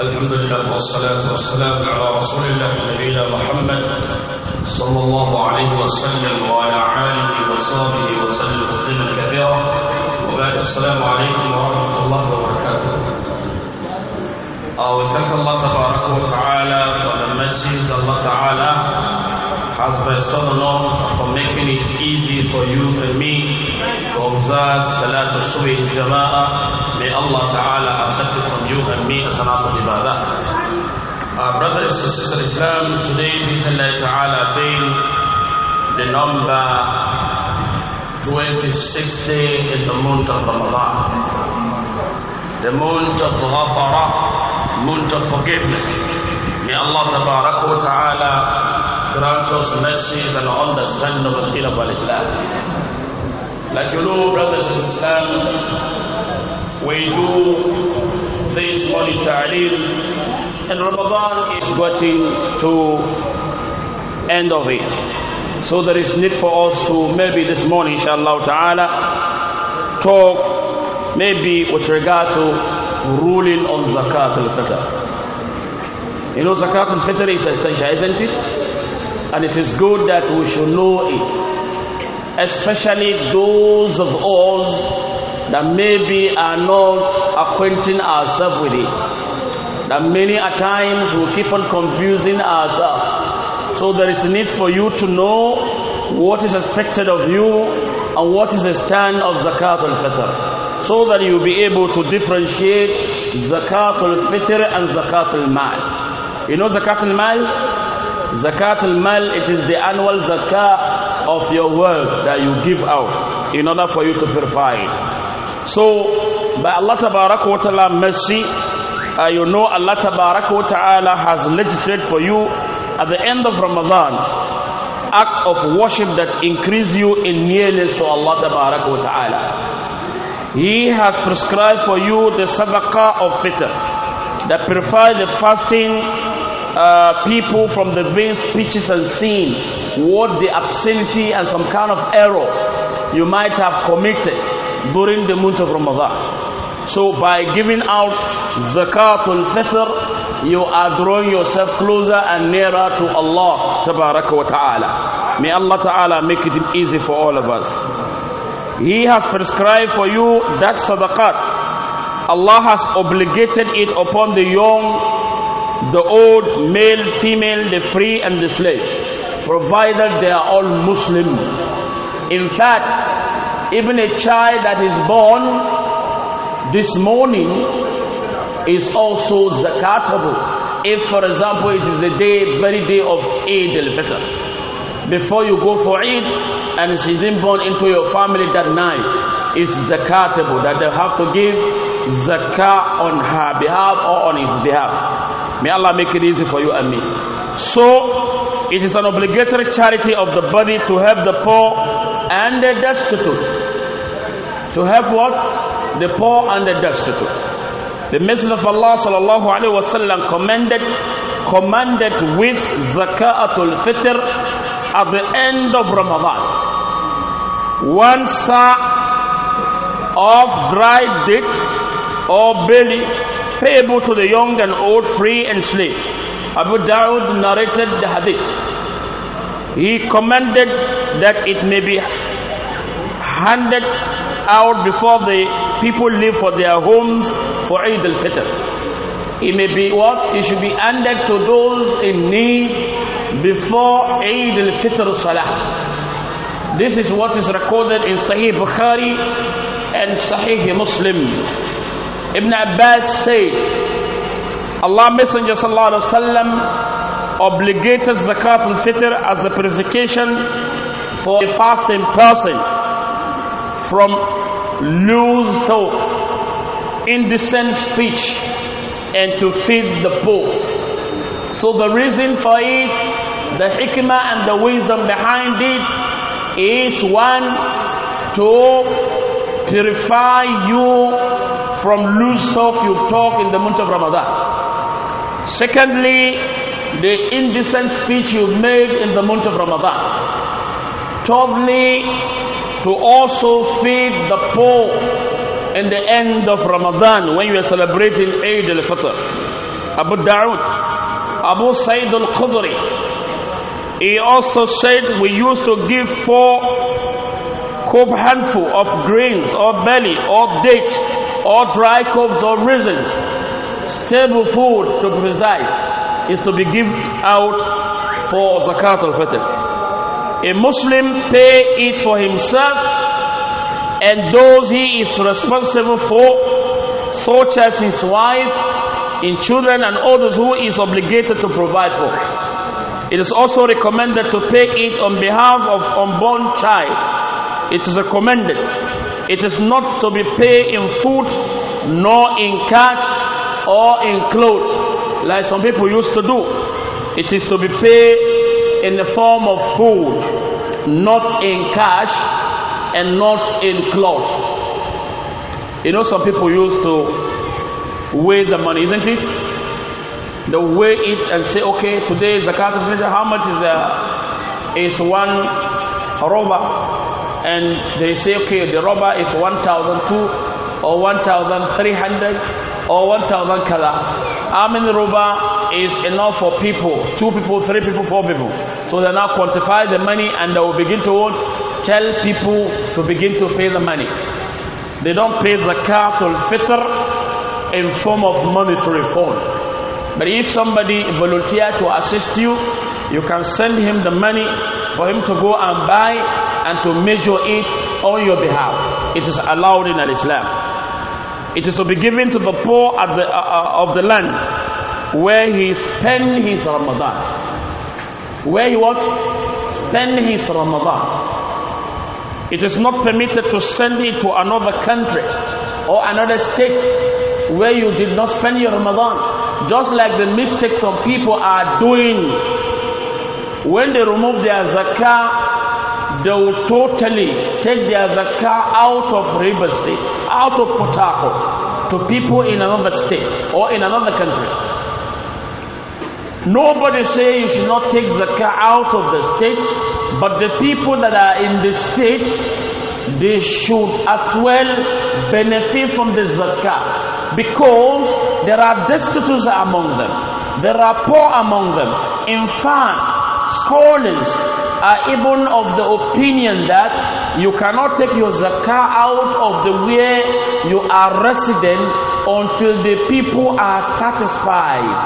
الحمد لله والصلاة والسلام على رسول الله نبينا محمد صلى الله عليه وسلم وعلى آله وصحبه وسلم تسليما كثيرا وبعد السلام عليكم ورحمة الله وبركاته. أو تك الله تبارك وتعالى for the الله تعالى has bestowed on us for making it easy for you and me to observe Salat al-Subh in Jama'ah May Allah Ta'ala accept it from you and me as an of ibadah. Our brothers and sisters in Islam, today, Allah Ta'ala being the number 26 day in the month of Ramadan. The month of Ghafara, month of forgiveness. May Allah Ta'ala grant us mercies and understanding of the Qilab of islam Like you know, brothers and sisters, Islam we do this Holy Ta'aleem and Ramadan is getting to end of it. So there is need for us to maybe this morning, inshallah ta'ala, talk maybe with regard to ruling on zakat al-fitr. You know, zakat al-fitr is essential, isn't it? And it is good that we should know it. Especially those of us that maybe are not acquainting ourselves with it. That many a times we keep on confusing ourselves. So there is need for you to know what is expected of you and what is the stand of zakat al-fitr. So that you'll be able to differentiate zakat al-fitr and zakat al-mal. You know zakat al-mal? Zakat al-mal, it is the annual zakat of your wealth that you give out in order for you to provide. So, by Allah Tabaraka wa Ta'ala mercy, uh, you know Allah Tabaraka wa Ta'ala has legislated for you at the end of Ramadan act of worship that increase you in nearness to Allah Tabaraka wa Ta'ala. He has prescribed for you the sadaqah of fitr that purify the fasting uh, people from the vain speeches and sin, what the obscenity and some kind of error you might have committed during the month of Ramadan. So by giving out zakatul fitr, you are drawing yourself closer and nearer to Allah tabaraka wa ta'ala. May Allah ta'ala make it easy for all of us. He has prescribed for you that sadaqat. Allah has obligated it upon the young, the old, male, female, the free and the slave, provided they are all Muslim. In fact, even a child that is born this morning is also zakatable. If, for example, it is the day, very day of Eid al-Fitr. Before you go for Eid and it's been born into your family that night, is zakatable, that they have to give zakah on her behalf or on his behalf. May Allah make it easy for you and me. So, it is an obligatory charity of the body to help the poor and the destitute. To help what? The poor and the destitute. The Messenger of Allah sallallahu alaihi wasallam commanded commanded with zakatul fitr at the end of Ramadan. One sa of dried dates or barley payable to the young and old, free and slave. Abu Dawud narrated the hadith. He commanded that it may be handed out before the people leave for their homes for Eid al-Fitr. It may be what? It should be handed to those in need before Eid al-Fitr Salah. This is what is recorded in Sahih Bukhari and Sahih Muslim. Ibn Abbas said, Allah Messenger sallallahu alaihi wasallam obligated zakat and fitr as a purification for a fasting person from loose talk, indecent speech, and to feed the poor. So the reason for it, the hikmah and the wisdom behind it is one, to purify you from loose talk you've talked in the month of Ramadan. Secondly, the indecent speech you've made in the month of Ramadan. Thirdly, to also feed the poor in the end of Ramadan when you are celebrating Eid al-Fitr. Abu Dawood, Abu Said al-Khudri, he also said we used to give four cob handful of grains or barley or date or dry cobs or raisins, stable food to preside is to be given out for zakat al fitr. A Muslim pay it for himself and those he is responsible for, such as his wife, in children, and others who is obligated to provide for. It is also recommended to pay it on behalf of unborn child. It is recommended. It is not to be paid in food, nor in cash, or in clothes like some people used to do. It is to be paid in the form of food, not in cash and not in cloth. You know, some people used to weigh the money, isn't it? They weigh it and say, okay, today is the cat how much is there? It's one robber? And they say, okay, the robber is 1,002 or 1,300 or 1,000 kala. How many roba is enough for people? Two people, three people, four people. So they now quantify the money and they will begin to tell people to begin to pay the money. They don't pay car to fitter in form of monetary form. But if somebody volunteer to assist you, you can send him the money for him to go and buy and to measure it on your behalf. It is allowed in Islam it is to be given to the poor the, uh, uh, of the land where he spend his Ramadan. Where he what? Spend his Ramadan. It is not permitted to send it to another country or another state where you did not spend your Ramadan. Just like the mistakes of people are doing when they remove their zakah they will totally take their zakah out of river state, out of Potako, to people in another state or in another country. Nobody say you should not take zakah out of the state, but the people that are in the state, they should as well benefit from the zakah because there are destitutes among them, there are poor among them. In fact, scholars are even of the opinion that you cannot take your zakah out of the where you are resident until the people are satisfied.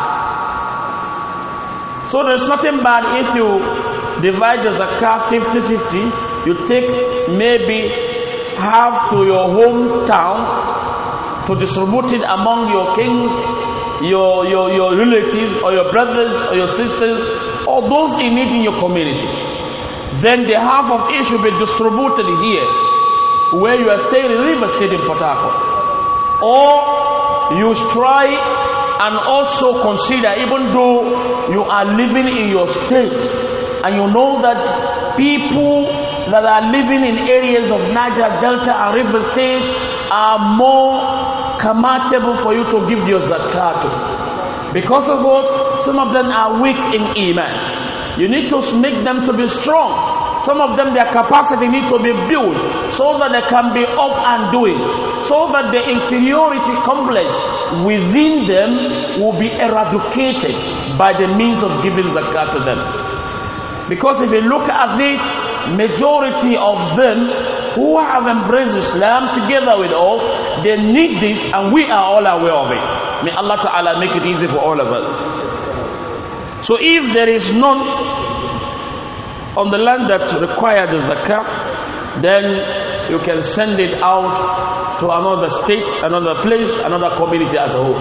So there's nothing bad if you divide the zakah 50-50, you take maybe half to your hometown to distribute it among your kings, your, your, your relatives or your brothers or your sisters or those in need in your community then the half of it should be distributed here where you are staying in River State in Port Or you try and also consider, even though you are living in your state and you know that people that are living in areas of Niger Delta and River State are more comfortable for you to give your zakat. Because of what? Some of them are weak in Iman. You need to make them to be strong. Some of them, their capacity need to be built so that they can be up and doing. So that the inferiority complex within them will be eradicated by the means of giving zakat to them. Because if you look at it, majority of them who have embraced Islam together with us, they need this and we are all aware of it. May Allah Ta'ala make it easy for all of us. So if there is none, on the land that required the zakah, then you can send it out to another state, another place, another community as a whole.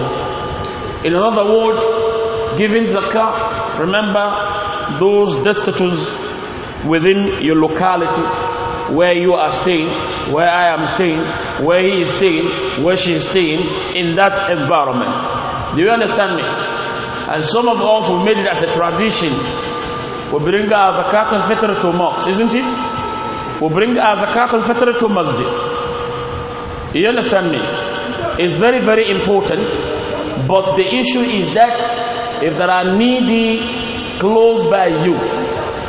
In another word, giving zakah, remember those destitutes within your locality where you are staying, where I am staying, where he is staying, where she is staying, in that environment. Do you understand me? And some of us who made it as a tradition we bring our zakat al-fitr to mosques, isn't it? We bring our zakat al-fitr to masjid. You understand me? It's very, very important. But the issue is that if there are needy close by you,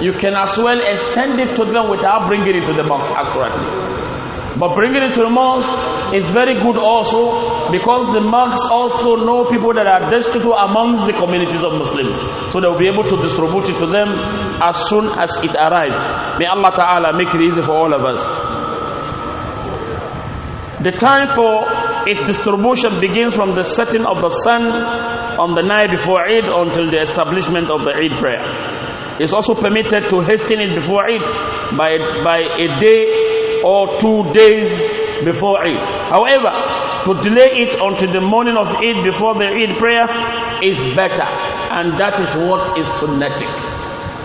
you can as well extend it to them without bringing it to the mosque accurately. But bringing it to the mosque is very good also because the monks also know people that are destitute amongst the communities of Muslims. So they will be able to distribute it to them as soon as it arrives. May Allah Ta'ala make it easy for all of us. The time for its distribution begins from the setting of the sun on the night before Eid until the establishment of the Eid prayer. It's also permitted to hasten it before Eid by, by a day or two days before Eid. However, to delay it until the morning of Eid before the Eid prayer is better. And that is what is sunnatic.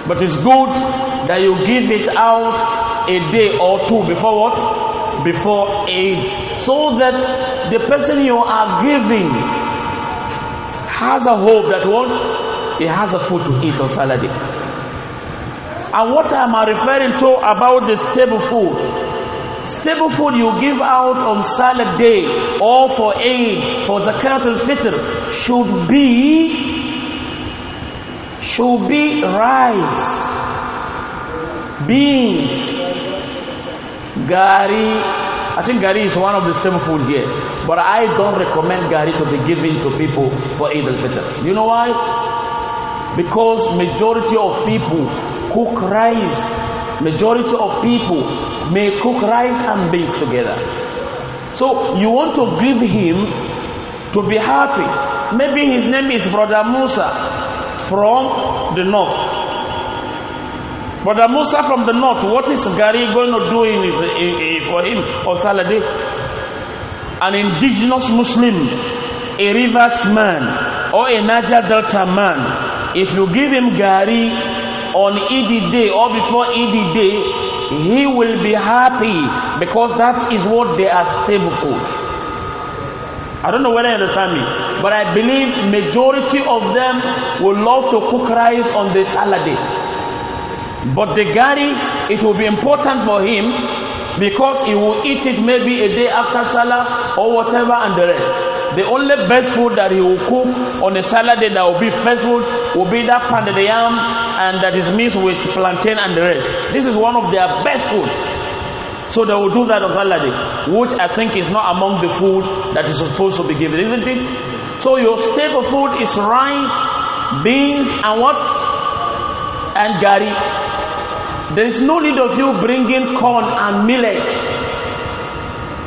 But it's good that you give it out a day or two before what? Before Eid. So that the person you are giving has a hope that what? He has a food to eat on Saturday. And what am I referring to about the table food? Stable food you give out on salad day or for aid, for the cattle fitr should be should be rice, beans, gari. I think gari is one of the staple food here, but I don't recommend gari to be given to people for aid al You know why? Because majority of people cook rice majority of people may cook rice and beans together. So you want to give him to be happy. Maybe his name is Brother Musa from the north. Brother Musa from the north, what is Gary going to do in his, in, in, for him or Saladin? An indigenous Muslim, a Rivers man, or a Niger Delta man. If you give him Gary, on Eid day or before Eid day, he will be happy because that is what they are stable for. I don't know whether you understand me, but I believe majority of them will love to cook rice on the salad day. But the gari, it will be important for him because he will eat it maybe a day after salah or whatever and the rest the only best food that he will cook on a Saturday that will be first food will be that pounded yam and that is mixed with plantain and the rest. This is one of their best food. So they will do that on Saturday, which I think is not among the food that is supposed to be given, isn't it? So your staple food is rice, beans, and what? And gari. There is no need of you bringing corn and millet.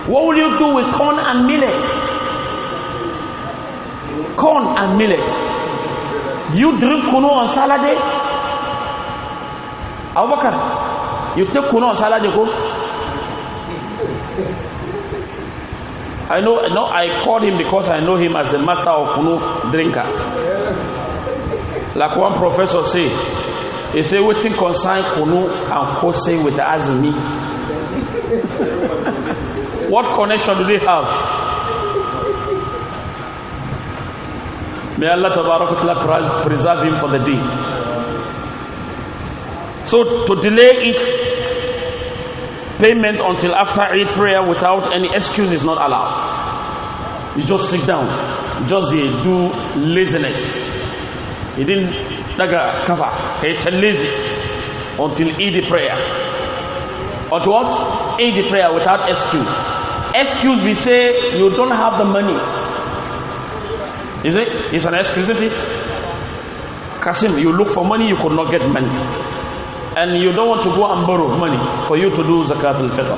What will you do with corn and millet? corn and millet. Do you drink kunu on Saturday? Abubakar, you take kunu on Saturday, go. I know, no, I called him because I know him as the master of kunu drinker. Like one professor say, he say waiting concern kunu and kose with azimi? what connection do they have? May Allah Ta'ala preserve him for the day. So to delay it, payment until after Eid prayer without any excuse is not allowed. You just sit down, just do laziness. You didn't daga kafa, hey, lazy until Eid prayer. But what? Eid prayer without excuse. Excuse we say you don't have the money is it? It's an excuse, isn't it? Kasim, you look for money, you could not get money. And you don't want to go and borrow money for you to do zakat al fitr.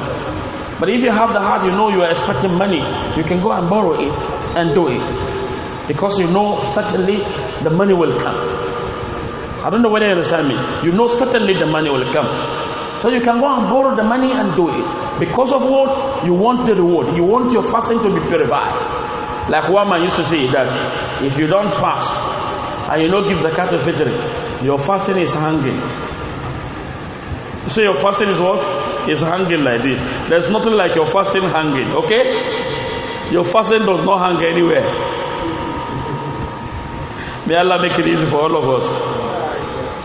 But if you have the heart, you know you are expecting money, you can go and borrow it and do it. Because you know certainly the money will come. I don't know whether you understand me. You know certainly the money will come. So you can go and borrow the money and do it. Because of what? You want the reward. You want your fasting to be purified. Like one man used to say that if you don't fast and you don't give the cat of your fasting is hanging. So your fasting is what? Is hanging like this. There's nothing like your fasting hanging, okay? Your fasting does not hang anywhere. May Allah make it easy for all of us.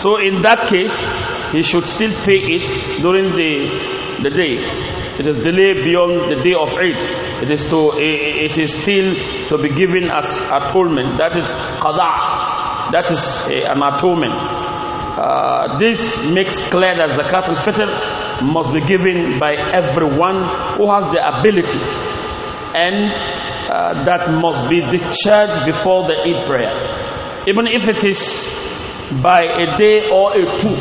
So in that case, he should still pay it during the, the day. It is delayed beyond the day of Eid. It is to, it is still to be given as atonement. That is qada. That is eh, an atonement. Uh, this makes clear that zakat al-fitr must be given by everyone who has the ability and uh, that must be discharged before the Eid prayer even if it is by a day or a two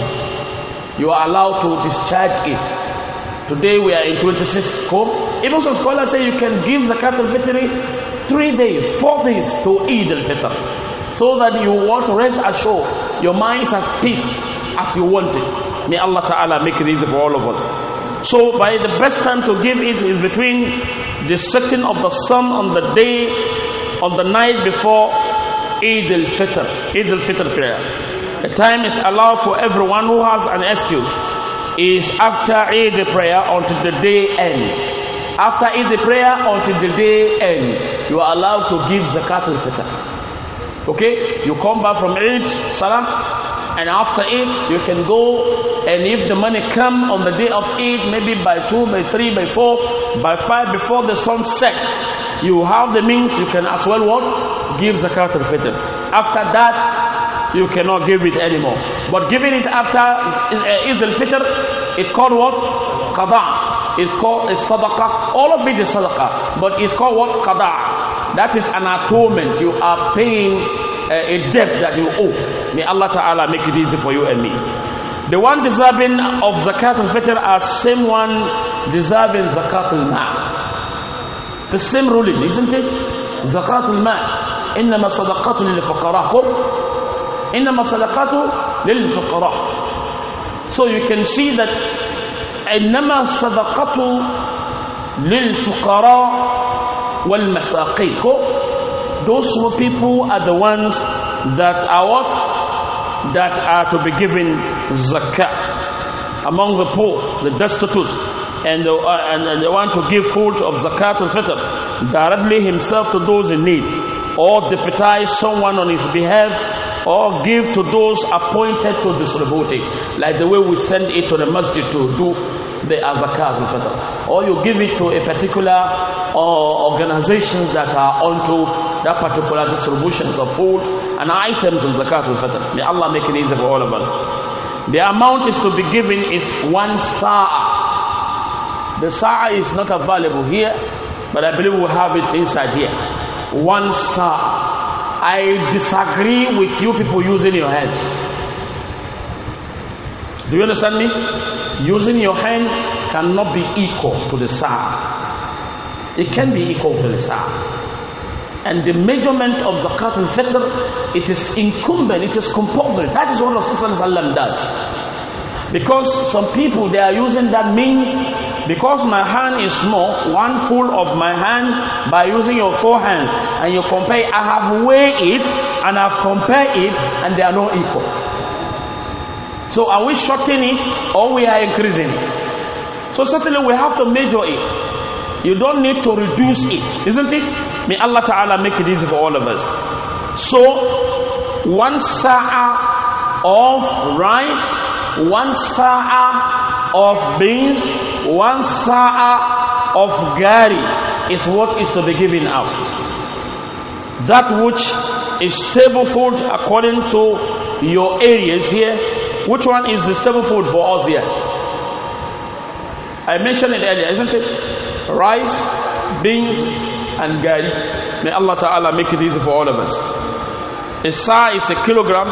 you are allowed to discharge it Today we are in 26 Qom. Even some scholars say you can give the cattle victory three days, four days to Eid al-Fitr. So that you want to rest assured, your mind as peace as you want it. May Allah Ta'ala make it easy for all of us. So by the best time to give it is between the setting of the sun on the day, on the night before Eid al-Fitr, Eid al-Fitr prayer. The time is allowed for everyone who has an excuse is after Eid prayer until the day ends. After Eid prayer until the day ends, you are allowed to give zakat al fitr. Okay, you come back from Eid Salah, and after Eid you can go, and if the money come on the day of Eid, maybe by two, by three, by four, by five, before the sun sets, you have the means. You can as well what give zakat al fitr. After that, you cannot give it anymore. But giving it after eh, Eid al-Fitr, it's called what? Qada. It's called a sadaqah. All of it is sadaqah, but it's called what? Qada. That is an atonement. You are paying eh, a debt that you owe. May Allah Ta'ala make it easy for you and me. The one deserving of zakat al-fitr are same one deserving zakat al-ma'. The same ruling, isn't it? Zakat al-ma'. إنما صدقات للفقراء إنما صدقاته للفقراء So you can see that إنما صدقته للفقراء والمساقين Those people are the ones that are what? That are to be given zakah among the poor, the destitute, and the, uh, and, and to give food of zakat al fitr directly himself to those in need, or deputize someone on his behalf or give to those appointed to distribute it, like the way we send it to the masjid to do the azakah or you give it to a particular uh, organizations that are onto that particular distributions of food and items in zakat al-fitr. May Allah make it easy for all of us. The amount is to be given is one sa'a. The sa'a is not available here, but I believe we have it inside here. One sa'a. I disagree with you people using your hand. Do you understand me? Using your hand cannot be equal to the sound. It can be equal to the sound. And the measurement of zakat and fitr, it is incumbent, it is compulsory. That is what Rasulullah does. Because some people they are using that means because my hand is small, one full of my hand by using your four hands, and you compare. I have weighed it and I've compared it, and they are not equal. So are we shorting it or we are increasing? So certainly we have to measure it. You don't need to reduce it, isn't it? May Allah Ta'ala make it easy for all of us. So one sa'a of rice one sa'a of beans, one sa'a of gari is what is to be given out. That which is table food according to your areas here. Which one is the stable food for us here? I mentioned it earlier, isn't it? Rice, beans, and gari. May Allah Ta'ala make it easy for all of us. A sa is a kilogram,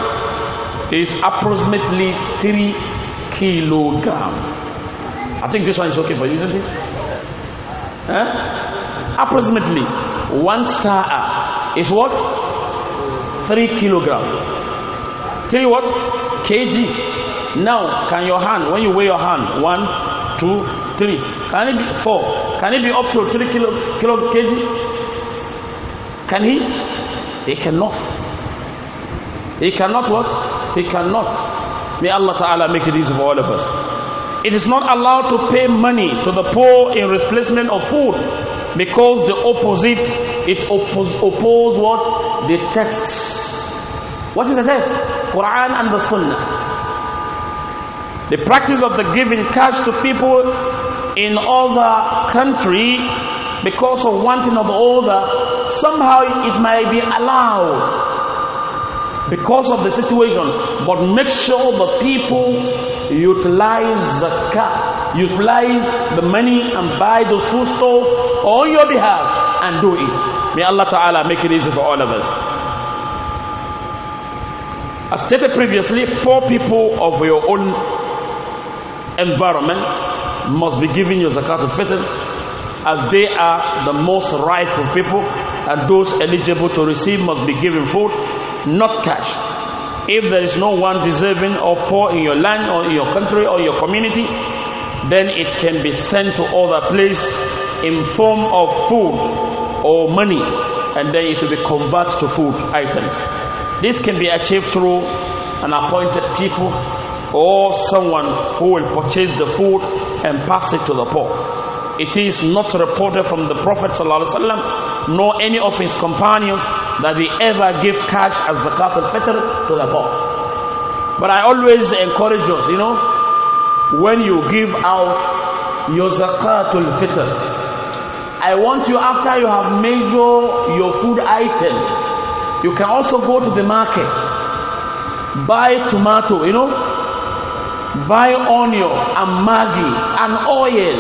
is approximately 3 kilogram. I think this one is okay for you, isn't it? Huh? Approximately one sa'a is what? 3 kilogram. 3 what? kg. Now, can your hand, when you weigh your hand, one, two, three, can it be four? Can it be up to 3 kilo, kilo kg? Can he? He cannot. He cannot what? He cannot. May Allah Ta'ala make it easy for all of us. It is not allowed to pay money to the poor in replacement of food because the opposite, it oppose, oppose what? The texts. What is the text? Quran and the Sunnah. The practice of the giving cash to people in other country because of wanting of the order, somehow it might be allowed because of the situation. But make sure the people utilize zakat, utilize the money and buy those foodstuffs on your behalf and do it. May Allah Ta'ala make it easy for all of us. As stated previously, poor people of your own environment must be giving you zakat al-fitr as they are the most rightful people and those eligible to receive must be given food not cash. If there is no one deserving or poor in your land or in your country or your community, then it can be sent to other place in form of food or money and then it will be converted to food items. This can be achieved through an appointed people or someone who will purchase the food and pass it to the poor. It is not reported from the Prophet ﷺ nor any of his companions that they ever give cash as the al better to the poor. But I always encourage us, you know, when you give out your zakatul fitr, I want you after you have measured your food items, you can also go to the market, buy tomato, you know, buy onion and maggi and oil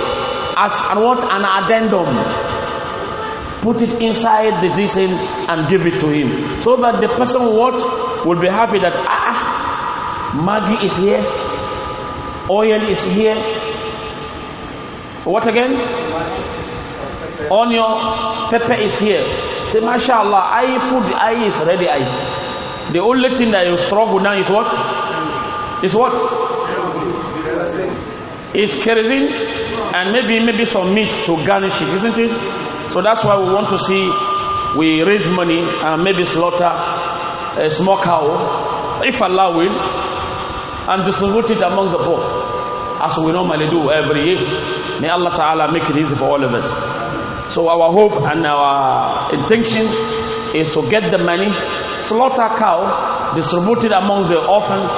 as and what an addendum put it inside the diesel and give it to him. So that the person what will be happy that ah, ah Maggie is here, oil is here. What again? Onion, pepper is here. Say, mashallah, I food, I is ready. I. The only thing that you struggle now is what? Is what? Is kerosene and maybe maybe some meat to garnish it, isn't it? So that's why we want to see we raise money and maybe slaughter a small cow, if Allah will, and distribute it among the poor, as we normally do every year. May Allah Ta'ala make it easy for all of us. So our hope and our intention is to get the money, slaughter cow, distribute it among the orphans,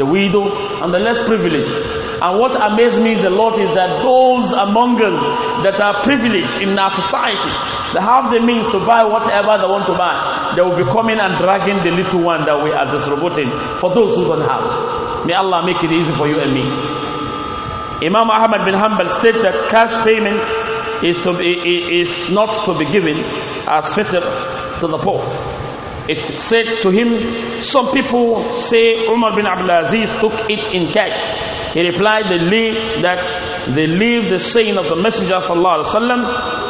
the widow, and the less privileged. And what amazed me a lot is that those among us that are privileged in our society, they have the means to buy whatever they want to buy, they will be coming and dragging the little one that we are distributing for those who don't have. May Allah make it easy for you and me. Imam Ahmad bin Hanbal said that cash payment is, to be, is not to be given as fitr to the poor. It said to him, some people say Umar bin Abdul Aziz took it in cash. He replied, they leave that they leave the saying of the Messenger of Allah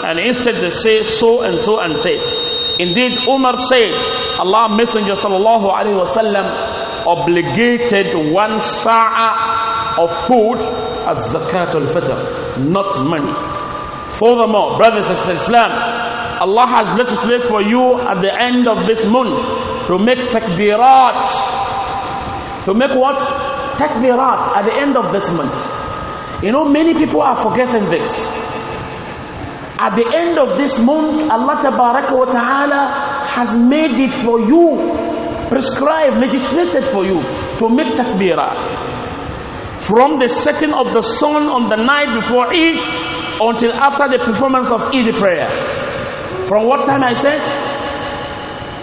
and instead they say so and so and say. Indeed, Umar said, Allah Messenger sallallahu alaihi wasallam obligated one sa'a of food as zakat al-fitr, not money. Furthermore, brothers and sisters, Islam, Allah has blessed place for you at the end of this month to make takbirat, to make what? takbirat at the end of this month. You know, many people are forgetting this. At the end of this month, Allah wa Ta'ala has made it for you, prescribed, legislated for you to make takbirah. From the setting of the sun on the night before Eid until after the performance of Eid prayer. From what time I said?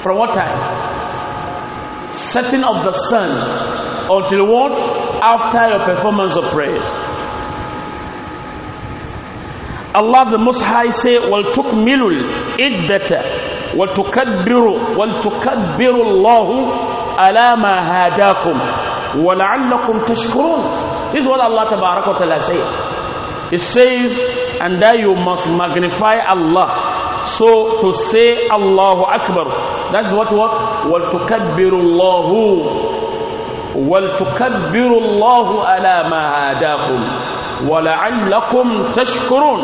From what time? Setting of the sun until what? After your performance of prayers. Allah the Most High say, "Well, took milul it better. Well, to kadbiru, well, to kadbiru Allah ala ma hadakum, wa la'allakum tashkurun." This is what Allah Ta'ala wa ta'ala say. It says, and that you must magnify Allah. So to say Allahu Akbar, that's what what? Well, to kadbiru Allahu ولتكبروا الله على ما هداكم ولعلكم تشكرون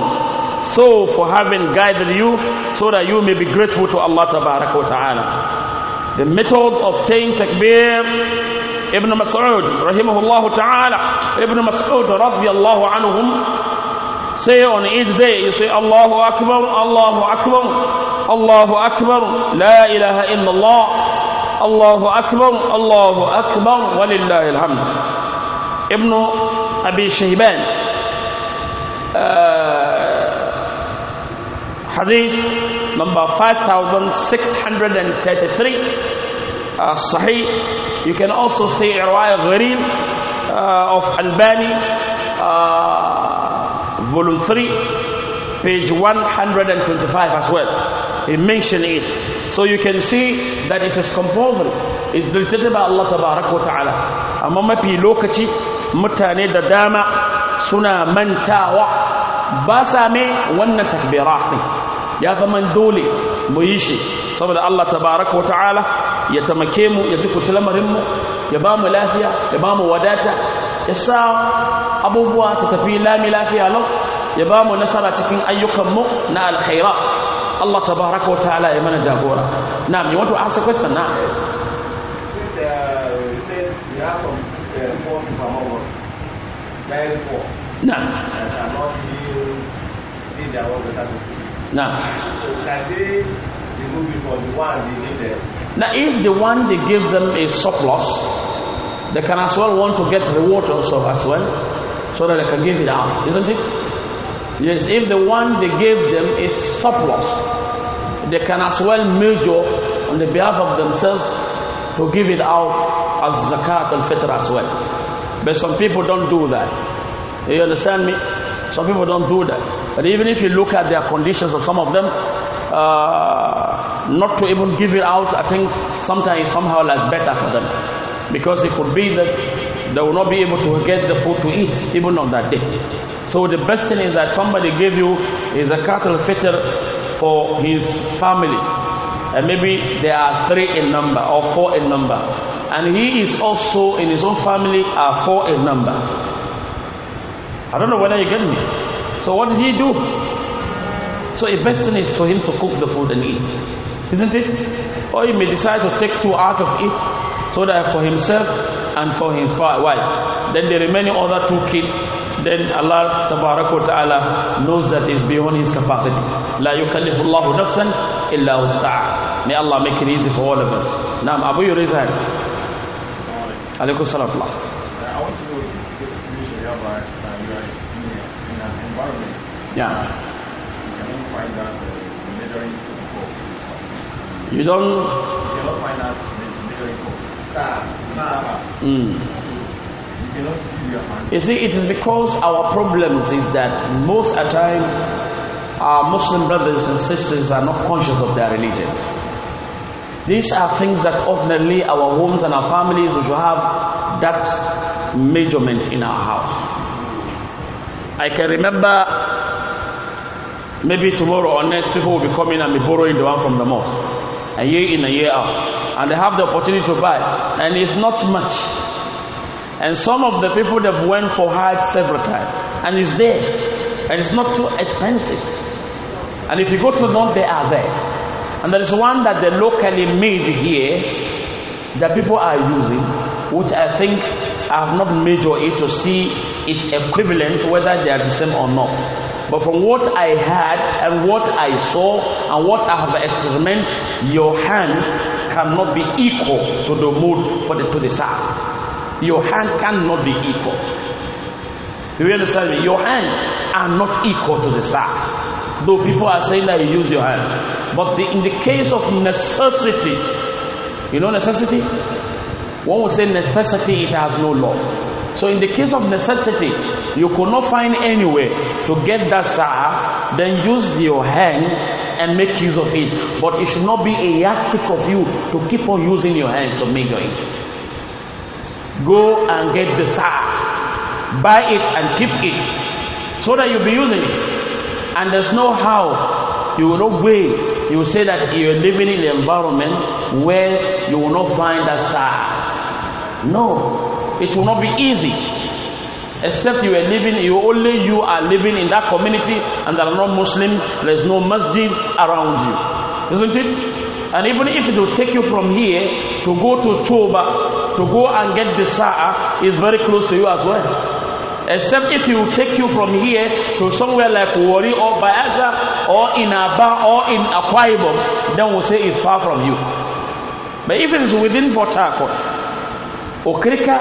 so for having guided you so that you may be grateful to Allah ta'ala the method of saying takbir Ibn Mas'ud rahimahullah ta'ala Ibn Mas'ud radiyallahu anhum say on each day you say Allahu Akbar Allahu Akbar Allahu Akbar La ilaha illallah Allahu akbar, Allahu akbar, walillahi alhamd. Ibn Abi Shahiban. Uh, hadith number 5633. Uh, sahih. You can also see Irwaya al Gharim of uh, Al Bani uh, volume 3, page 125 as well. He mentioned it. So you can see that it is compulsory. It's dictated by Allah wa ta'ala. Amma mafi lokaci mutane da dama suna mantawa ba sa me wannan takbira ne. Ya zama dole mu yi shi saboda Allah wa ta'ala ya tamake mu ya ji kuci lamarin mu ya ba mu lafiya ya ba mu wadata ya sa abubuwa ta tafi lami lafiya lau ya ba mu nasara cikin ayyukanmu na alkhairat Allah tabaraka wa ta'ala ya mana jagora na'am you want to ask a question now since uh, you said you have some uh, four supermodels nine four na'am and cannot you did their work without na'am so can they remove it for the one they gave them now if the one they give them is surplus they can as well want to get reward also as well so that they can give it out isn't it Yes, if the one they gave them is surplus, they can as well measure on the behalf of themselves to give it out as zakat and fitr as well. But some people don't do that. You understand me? Some people don't do that. But even if you look at their conditions of some of them, uh, not to even give it out, I think sometimes somehow like better for them. Because it could be that they will not be able to get the food to eat even on that day. So the best thing is that somebody gave you is a cattle fitter for his family. And maybe there are three in number or four in number. And he is also in his own family are four in number. I don't know whether you get me. So what did he do? So the best thing is for him to cook the food and eat isn't it? Or he may decide to take two out of it so that for himself and for his wife. Then the remaining other two kids, then Allah Ta'ala knows that is beyond his capacity. La yukallifullahu nafsan illa usta'a. May Allah make it easy for all of us. Naam, Abu Yurizan. Alaykum salam. Uh, I want to know this situation uh, you are in, an environment. Yeah. You don't find that you don't. find that measuring Mm. You see, it is because our problems is that most the time our Muslim brothers and sisters are not conscious of their religion. These are things that ordinarily our homes and our families we should have that measurement in our house. I can remember maybe tomorrow or next people will be coming and be borrowing the one from the mosque. A year in, a year out and they have the opportunity to buy and it's not much and some of the people that went for hajj several times and it's there and it's not too expensive and if you go to north they are there and there is one that they locally made here that people are using which i think i have not measured it to see its equivalent whether they are the same or not but from what I had and what I saw and what I have experimented, your hand cannot be equal to the mood for the, to the south. Your hand cannot be equal. you understand me? Your hands are not equal to the south. Though people are saying that you use your hand. But the, in the case of necessity, you know necessity? One would say necessity, it has no law. So in the case of necessity, you could not find any way to get that sa'a, then use your hand and make use of it. But it should not be a yardstick of you to keep on using your hands to make your Go and get the sack, buy it and keep it so that you'll be using it. And there's no how you will not way. You will say that you're living in an environment where you will not find that sack. No, it will not be easy except you are living, you only you are living in that community and there are no Muslims, there is no masjid around you. Isn't it? And even if it will take you from here to go to Toba, to go and get the Sa'a is very close to you as well. Except if you take you from here to somewhere like Wari or Bayaza or in Aba or in Akwaibo, then we'll say it's far from you. But if it is within Port Harcourt, Okrika,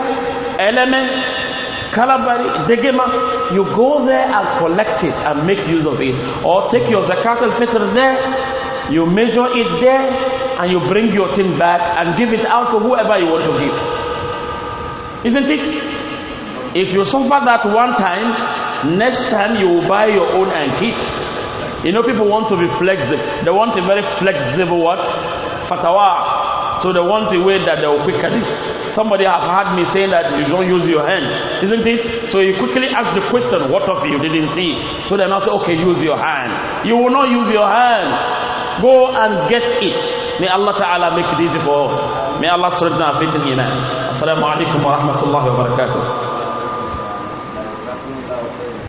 Element, Calabari, Degema, you go there and collect it and make use of it. Or take your zakat and fitr there, you measure it there, and you bring your thing back and give it out to whoever you want to give. Isn't it? If you suffer that one time, next time you will buy your own and keep. You know, people want to be flexible. They want a very flexible what? Fatawa so they want a way that they will quickly. Somebody have heard me saying that you don't use your hand, isn't it? So you quickly ask the question, what of you didn't see? So they now say, okay, use your hand. You will not use your hand. Go and get it. May Allah Ta'ala make it easy for us. May Allah strengthen our faith in Iman. Assalamu alaikum wa rahmatullahi wa barakatuh.